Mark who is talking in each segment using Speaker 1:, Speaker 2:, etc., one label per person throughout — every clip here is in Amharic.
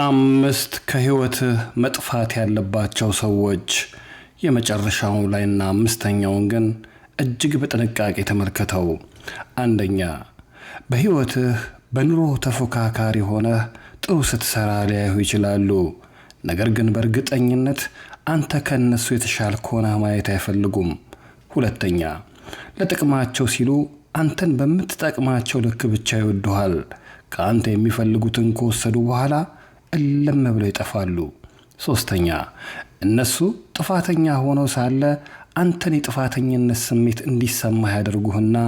Speaker 1: አምስት ከህይወት መጥፋት ያለባቸው ሰዎች የመጨረሻው ላይና አምስተኛውን ግን እጅግ በጥንቃቄ ተመልከተው። አንደኛ፣ በህይወትህ በኑሮ ተፎካካሪ ሆነህ ጥሩ ስትሰራ ሊያዩ ይችላሉ። ነገር ግን በእርግጠኝነት አንተ ከእነሱ የተሻል ከሆነ ማየት አይፈልጉም። ሁለተኛ፣ ለጥቅማቸው ሲሉ አንተን በምትጠቅማቸው ልክ ብቻ ይወዱሃል። ከአንተ የሚፈልጉትን ከወሰዱ በኋላ እልም ብለው ይጠፋሉ። ሶስተኛ እነሱ ጥፋተኛ ሆነው ሳለ አንተን የጥፋተኝነት ስሜት እንዲሰማህ ያደርጉህና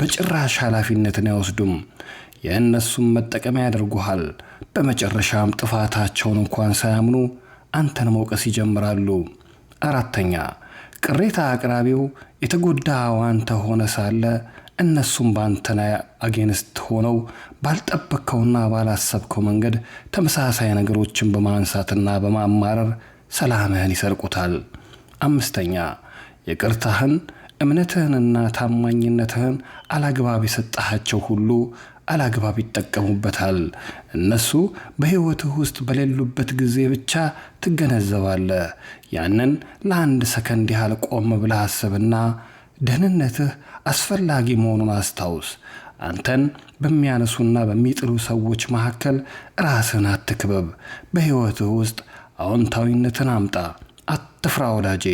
Speaker 1: በጭራሽ ኃላፊነትን አይወስዱም። የእነሱም መጠቀሚያ ያደርጉሃል። በመጨረሻም ጥፋታቸውን እንኳን ሳያምኑ አንተን መውቀስ ይጀምራሉ። አራተኛ ቅሬታ አቅራቢው የተጎዳኸው አንተ ሆነ ሳለ እነሱም በአንተና አጌንስት ሆነው ባልጠበቅከውና ባላሰብከው መንገድ ተመሳሳይ ነገሮችን በማንሳትና በማማረር ሰላምህን ይሰርቁታል። አምስተኛ ይቅርታህን፣ እምነትህንና ታማኝነትህን አላግባብ የሰጠሃቸው ሁሉ አላግባብ ይጠቀሙበታል። እነሱ በሕይወትህ ውስጥ በሌሉበት ጊዜ ብቻ ትገነዘባለህ። ያንን ለአንድ ሰከንድ ያህል ቆም ብለህ አስብና ደህንነትህ አስፈላጊ መሆኑን አስታውስ። አንተን በሚያነሱና በሚጥሉ ሰዎች መካከል ራስህን አትክበብ። በሕይወትህ ውስጥ አዎንታዊነትን አምጣ። አትፍራ ወዳጄ።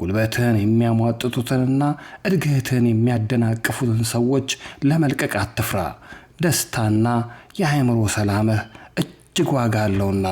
Speaker 1: ጉልበትህን የሚያሟጥጡትንና እድገትህን የሚያደናቅፉትን ሰዎች ለመልቀቅ አትፍራ። ደስታና የአእምሮ ሰላምህ እጅግ ዋጋ አለውና።